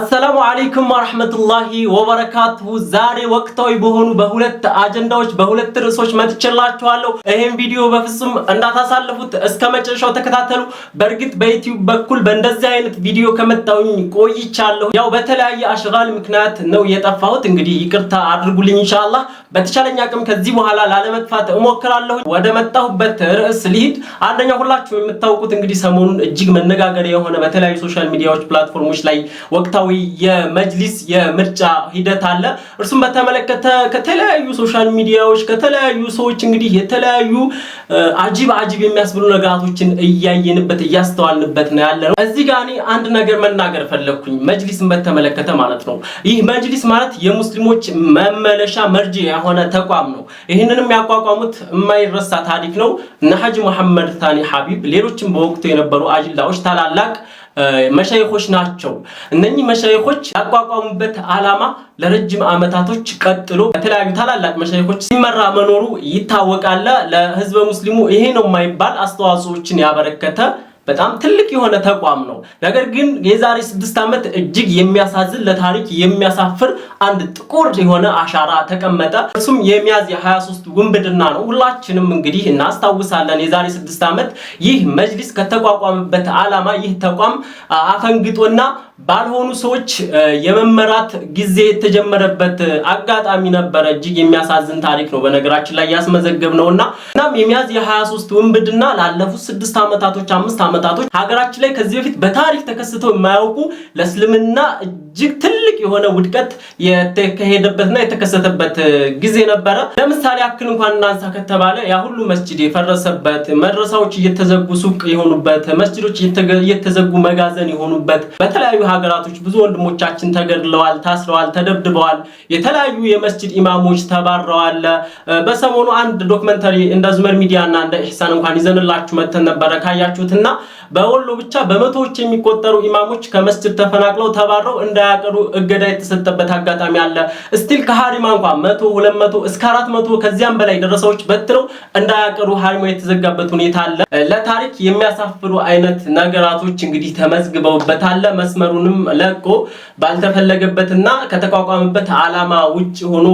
አሰላሙ አለይኩም ወረህመቱላሂ ወበረካቱሁ። ዛሬ ወቅታዊ በሆኑ በሁለት አጀንዳዎች በሁለት ርዕሶች መጥቼላችኋለሁ። ይህም ቪዲዮ በፍጹም እንዳታሳልፉት እስከ መጨረሻው ተከታተሉ። በእርግጥ በዩቲዩብ በኩል በእንደዚህ አይነት ቪዲዮ ከመጣሁኝ ቆይቻለሁ። ያው በተለያየ አሽጋል ምክንያት ነው የጠፋሁት። እንግዲህ ይቅርታ አድርጉልኝ። ኢንሻአላህ በተቻለኝ አቅም ከዚህ በኋላ ላለመጥፋት እሞክራለሁ። ወደ መጣሁበት ርዕስ ልሂድ። አንደኛው ሁላችሁም የምታውቁት እንግዲህ ሰሞኑን እጅግ መነጋገሪያ የሆነ በተለያዩ ሶሻል ሚዲያዎች ፕላትፎርሞች ላይ ወቅታዊ ሀገራዊ የመጅሊስ የምርጫ ሂደት አለ። እርሱም በተመለከተ ከተለያዩ ሶሻል ሚዲያዎች ከተለያዩ ሰዎች እንግዲህ የተለያዩ አጂብ አጂብ የሚያስብሉ ነገራቶችን እያየንበት እያስተዋልንበት ነው ያለ ነው። እዚህ ጋር እኔ አንድ ነገር መናገር ፈለግኩኝ፣ መጅሊስን በተመለከተ ማለት ነው። ይህ መጅሊስ ማለት የሙስሊሞች መመለሻ መርጅ የሆነ ተቋም ነው። ይህንንም ያቋቋሙት የማይረሳ ታሪክ ነው። እነ ሐጂ መሐመድ ታኒ ሐቢብ፣ ሌሎችም በወቅቱ የነበሩ አጅላዎች ታላላቅ መሻይኮች ናቸው። እነኚህ መሻይኮች ያቋቋሙበት ዓላማ ለረጅም ዓመታቶች ቀጥሎ በተለያዩ ታላላቅ መሻይኮች ሲመራ መኖሩ ይታወቃል። ለህዝበ ሙስሊሙ ይሄ ነው የማይባል አስተዋጽኦችን ያበረከተ በጣም ትልቅ የሆነ ተቋም ነው። ነገር ግን የዛሬ ስድስት ዓመት እጅግ የሚያሳዝን ለታሪክ የሚያሳፍር አንድ ጥቁር የሆነ አሻራ ተቀመጠ። እርሱም የሚያዝያ 23 ውንብድና ነው። ሁላችንም እንግዲህ እናስታውሳለን። የዛሬ ስድስት ዓመት ይህ መጅሊስ ከተቋቋመበት ዓላማ ይህ ተቋም አፈንግጦና ባልሆኑ ሰዎች የመመራት ጊዜ የተጀመረበት አጋጣሚ ነበረ። እጅግ የሚያሳዝን ታሪክ ነው በነገራችን ላይ ያስመዘገብ እና እናም የሚያዝያ የ23 ውንብድና ላለፉት ስድስት ዓመታቶች አምስት ዓመታቶች ሀገራችን ላይ ከዚህ በፊት በታሪክ ተከስተው የማያውቁ ለእስልምና እጅግ ትልቅ የሆነ ውድቀት የተካሄደበትና የተከሰተበት ጊዜ ነበረ። ለምሳሌ ያክል እንኳን እናንሳ ከተባለ ያ ሁሉ የፈረሰበት፣ መድረሳዎች እየተዘጉ ሱቅ የሆኑበት፣ መስጅዶች እየተዘጉ መጋዘን የሆኑበት በተለያዩ ሀገራቶች ብዙ ወንድሞቻችን ተገድለዋል፣ ታስረዋል፣ ተደብድበዋል። የተለያዩ የመስጂድ ኢማሞች ተባረዋል። በሰሞኑ አንድ ዶክመንተሪ እንደ ዙመር ሚዲያ እና እንደ ኢሕሳን እንኳን ይዘንላችሁ መተን ነበረ ካያችሁትና በወሎ ብቻ በመቶዎች የሚቆጠሩ ኢማሞች ከመስጂድ ተፈናቅለው ተባረው እንዳያቀሩ እገዳ የተሰጠበት አጋጣሚ አለ። ስቲል ከሀሪማ እንኳን መቶ ሁለት መቶ እስከ አራት መቶ ከዚያም በላይ ደረሰዎች በትረው እንዳያቀሩ ሀሪማ የተዘጋበት ሁኔታ አለ። ለታሪክ የሚያሳፍሩ አይነት ነገራቶች እንግዲህ ተመዝግበውበታል። መስመሩ ተቋሙንም ለቆ ባልተፈለገበትና ከተቋቋመበት ዓላማ ውጭ ሆኖ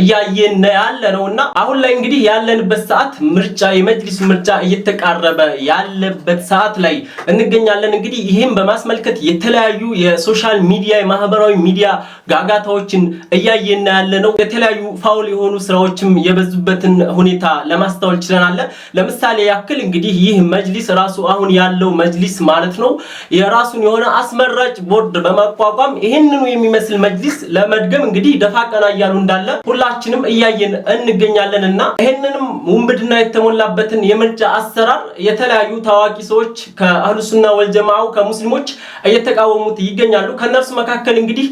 እያየን ያለ ነው እና አሁን ላይ እንግዲህ ያለንበት ሰዓት ምርጫ የመጅሊስ ምርጫ እየተቃረበ ያለበት ሰዓት ላይ እንገኛለን። እንግዲህ ይህም በማስመልከት የተለያዩ የሶሻል ሚዲያ የማህበራዊ ሚዲያ ጋጋታዎችን እያየና ያለ ነው። የተለያዩ ፋውል የሆኑ ስራዎችም የበዙበትን ሁኔታ ለማስተዋል ችለናል። ለምሳሌ ያክል እንግዲህ ይህ መጅሊስ ራሱ አሁን ያለው መጅሊስ ማለት ነው የራሱን የሆነ አስመራጭ ቦርድ በማቋቋም ይህንኑ የሚመስል መጅሊስ ለመድገም እንግዲህ ደፋ ቀና እያሉ እንዳለ ሁላችንም እያየን እንገኛለን እና ይህንንም ውንብድና የተሞላበትን የምርጫ አሰራር የተለያዩ ታዋቂ ሰዎች ከአህሉሱና ወልጀማው ከሙስሊሞች እየተቃወሙት ይገኛሉ። ከእነርሱ መካከል እንግዲህ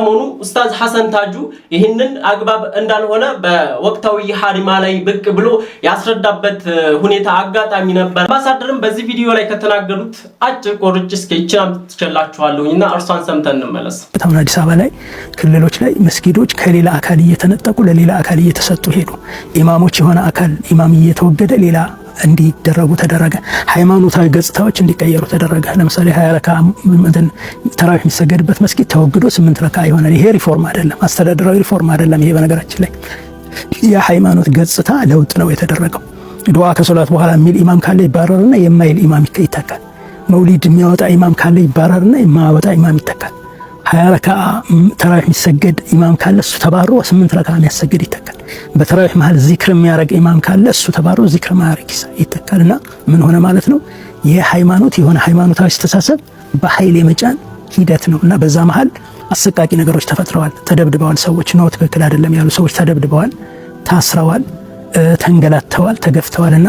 ከሰሞኑ ኡስታዝ ሐሰን ታጁ ይህንን አግባብ እንዳልሆነ በወቅታዊ ሀሪማ ላይ ብቅ ብሎ ያስረዳበት ሁኔታ አጋጣሚ ነበር። አምባሳደርም በዚህ ቪዲዮ ላይ ከተናገሩት አጭር ቆርጭ እስከ ይችላም ትችላችኋለሁኝና እርሷን ሰምተን እንመለስ። በጣም አዲስ አበባ ላይ ክልሎች ላይ መስጊዶች ከሌላ አካል እየተነጠቁ ለሌላ አካል እየተሰጡ ሄዱ። ኢማሞች የሆነ አካል ኢማም እየተወገደ ሌላ እንዲደረጉ ተደረገ። ሃይማኖታዊ ገጽታዎች እንዲቀየሩ ተደረገ። ለምሳሌ ሀያ ረካ ተራዊህ የሚሰገድበት መስጊድ ተወግዶ ስምንት ረካ ይሆናል። ይሄ ሪፎርም አይደለም፣ አስተዳደራዊ ሪፎርም አይደለም። ይሄ በነገራችን ላይ የሃይማኖት ገጽታ ለውጥ ነው የተደረገው። ድዋ ከሶላት በኋላ የሚል ኢማም ካለ ይባረርና የማይል ኢማም ይተካል። መውሊድ የሚያወጣ ኢማም ካለ ይባረርና የማያወጣ ኢማም ይተካል። ሀያ ረካ ተራዊህ የሚሰገድ ኢማም ካለ እሱ ተባሮ ስምንት ረካ የሚያሰገድ ይተካል። በተራዊህ መሀል ዚክር የሚያደርግ ኢማም ካለ እሱ ተባሮ ዚክር ማያረግ ይተካልና ምን ሆነ ማለት ነው። የሃይማኖት የሆነ ሃይማኖታዊ አስተሳሰብ በኃይል የመጫን ሂደት ነው እና በዛ መሃል አሰቃቂ ነገሮች ተፈጥረዋል። ተደብድበዋል ሰዎች ነው ትክክል አይደለም ያሉ ሰዎች ተደብድበዋል፣ ታስረዋል፣ ተንገላተዋል፣ ተገፍተዋል እና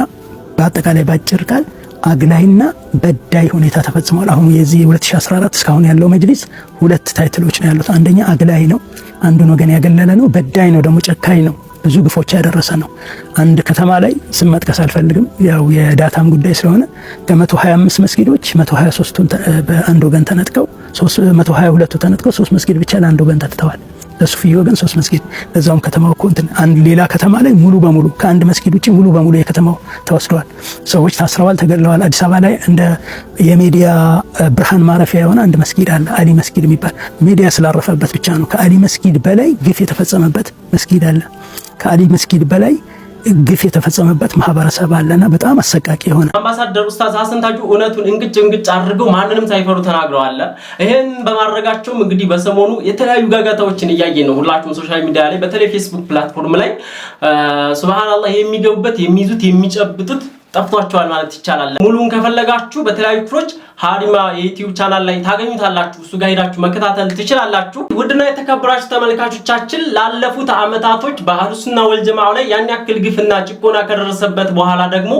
በአጠቃላይ ባጭር ቃል አግላይና በዳይ ሁኔታ ተፈጽሟል። አሁን የዚህ 2014 እስካሁን ያለው መጅሊስ ሁለት ታይትሎች ነው ያሉት። አንደኛ አግላይ ነው፣ አንዱን ወገን ያገለለ ነው። በዳይ ነው ደግሞ ጨካኝ ነው። ብዙ ግፎች ያደረሰ ነው። አንድ ከተማ ላይ ስም መጥቀስ አልፈልግም፣ ያው የዳታም ጉዳይ ስለሆነ ከ125 መስጊዶች 123ቱን በአንድ ወገን ተነጥቀው 122ቱ ተነጥቀው ሶስት መስጊድ ብቻ ለአንድ ወገን ተትተዋል። ለሱፍዬ ወገን ሶስት መስጊድ ለዛውም ከተማው እኮ እንትን አንድ ሌላ ከተማ ላይ ሙሉ በሙሉ ከአንድ መስጊድ ውጭ ሙሉ በሙሉ የከተማው ተወስደዋል። ሰዎች ታስረዋል፣ ተገድለዋል። አዲስ አበባ ላይ እንደ የሚዲያ ብርሃን ማረፊያ የሆነ አንድ መስጊድ አለ፣ አሊ መስጊድ የሚባል ሚዲያ ስላረፈበት ብቻ ነው። ከአሊ መስጊድ በላይ ግፍ የተፈጸመበት መስጊድ አለ። ከአሊ መስጊድ በላይ ግፍ የተፈጸመበት ማህበረሰብ አለና በጣም አሰቃቂ የሆነ አምባሳደር ኡስታዝ ሀሰን ታጁ እውነቱን እንግጭ እንግጭ አድርገው ማንንም ሳይፈሩ ተናግረዋል። ይህን በማድረጋቸውም እንግዲህ በሰሞኑ የተለያዩ ጋጋታዎችን እያየ ነው። ሁላችሁም ሶሻል ሚዲያ ላይ በተለይ ፌስቡክ ፕላትፎርም ላይ ሱብሃንአላህ የሚገቡበት የሚይዙት የሚጨብጡት ጠፍቷቸዋል ማለት ይቻላል። ሙሉን ከፈለጋችሁ በተለያዩ ክፍሎች ሀሪማ የዩቲዩብ ቻናል ላይ ታገኙታላችሁ። እሱ ጋር ሄዳችሁ መከታተል ትችላላችሁ። ውድና የተከበራችሁ ተመልካቾቻችን ላለፉት ዓመታቶች በአህሉሱና ወልጀማው ላይ ያን ያክል ግፍና ጭቆና ከደረሰበት በኋላ ደግሞ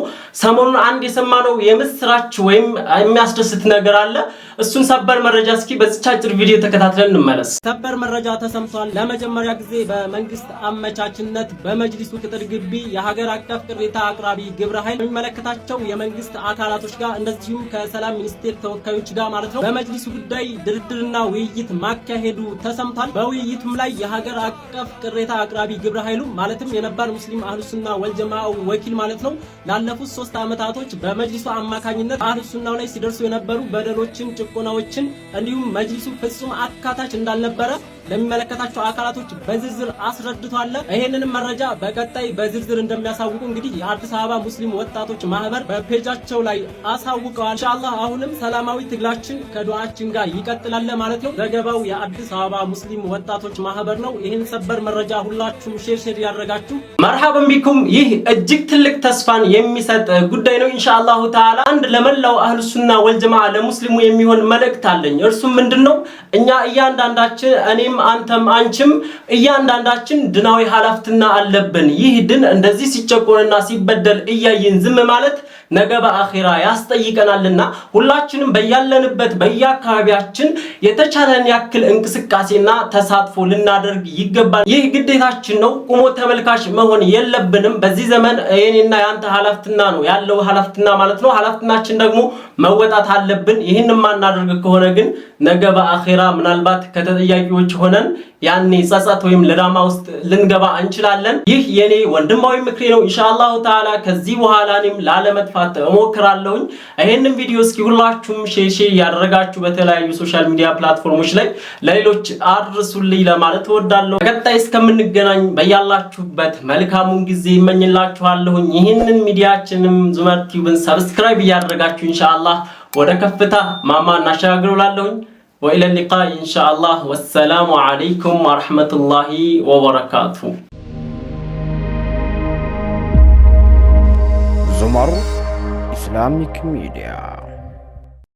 ሰሞኑን አንድ የሰማነው የምስራች ወይም የሚያስደስት ነገር አለ። እሱን ሰበር መረጃ እስኪ በዚች አጭር ቪዲዮ ተከታትለን እንመለስ። ሰበር መረጃ ተሰምቷል። ለመጀመሪያ ጊዜ በመንግስት አመቻችነት በመጅሊሱ ቅጥር ግቢ የሀገር አቀፍ ቅሬታ አቅራቢ ግብረ ኃይል ከሚመለከታቸው የመንግስት አካላቶች ጋር እንደዚሁም ከሰላም ሚኒስቴር ተወካዮች ጋር ማለት ነው በመጅሊሱ ጉዳይ ድርድርና ውይይት ማካሄዱ ተሰምቷል። በውይይቱም ላይ የሀገር አቀፍ ቅሬታ አቅራቢ ግብረ ኃይሉ ማለትም የነባር ሙስሊም አህሉሱና ወልጀማው ወኪል ማለት ነው ላለፉት ሶስት ዓመታቶች በመጅሊሱ አማካኝነት አህሉሱናው ላይ ሲደርሱ የነበሩ በደሎችን፣ ጭቆናዎችን እንዲሁም መጅሊሱ ፍጹም አካታች እንዳልነበረ ለሚመለከታቸው አካላቶች በዝርዝር አስረድቷል። ይህንንም መረጃ በቀጣይ በዝርዝር እንደሚያሳውቁ እንግዲህ የአዲስ አበባ ሙስሊም ወጣቶች ወጣቶች ማህበር በፔጃቸው ላይ አሳውቀዋል። ኢንሻአላህ አሁንም ሰላማዊ ትግላችን ከዱዓችን ጋር ይቀጥላል ማለት ነው። ዘገባው የአዲስ አበባ ሙስሊም ወጣቶች ማህበር ነው። ይህን ሰበር መረጃ ሁላችሁም ሼር ሼር ያደረጋችሁ መርሃብን ቢኩም። ይህ እጅግ ትልቅ ተስፋን የሚሰጥ ጉዳይ ነው። ኢንሻአላሁ ተዓላ አንድ ለመላው አህል ሱና ወልጀማዓ ለሙስሊሙ የሚሆን መልእክት አለኝ። እርሱም ምንድነው? እኛ እያንዳንዳችን እኔም፣ አንተም፣ አንቺም እያንዳንዳችን ድናዊ ኃላፊትና አለብን። ይህ ድን እንደዚህ ሲጨቆንና ሲበደል እያየን ዝም በማለት ነገ በአኺራ ያስጠይቀናልና ሁላችንም በያለንበት በየአካባቢያችን የተቻለን ያክል እንቅስቃሴና ተሳትፎ ልናደርግ ይገባል። ይህ ግዴታችን ነው። ቁሞ ተመልካች መሆን የለብንም። በዚህ ዘመን የኔና የአንተ ሀላፍትና ነው ያለው ሀላፍትና ማለት ነው። ሀላፍትናችን ደግሞ መወጣት አለብን። ይህን ማናደርግ ከሆነ ግን ነገ በአኺራ ምናልባት ከተጠያቂዎች ሆነን ያኔ ጸጸት ወይም ለዳማ ውስጥ ልንገባ እንችላለን። ይህ የኔ ወንድማዊ ምክሬ ነው። ኢንሻአላሁ ተዓላ ከዚህ በኋላ እኔም ላለመጥፋት ለማጥፋት እሞክራለሁኝ። ይህንን ቪዲዮ እስኪ ሁላችሁም ሼር ሼር ያደረጋችሁ በተለያዩ ሶሻል ሚዲያ ፕላትፎርሞች ላይ ለሌሎች አድርሱልኝ ለማለት እወዳለሁ። በቀጣይ እስከምንገናኝ በያላችሁበት መልካሙን ጊዜ ይመኝላችኋለሁኝ። ይህንን ሚዲያችንም ዙመር ቲዩብን ሰብስክራይብ እያደረጋችሁ ኢንሻአላህ ወደ ከፍታ ማማ እናሸጋግሩላለሁኝ። ወኢለ ሊቃ ኢንሻአላህ። ወሰላሙ ዓለይኩም ወረሕመቱላሂ ወበረካቱ። ዙመር islamic media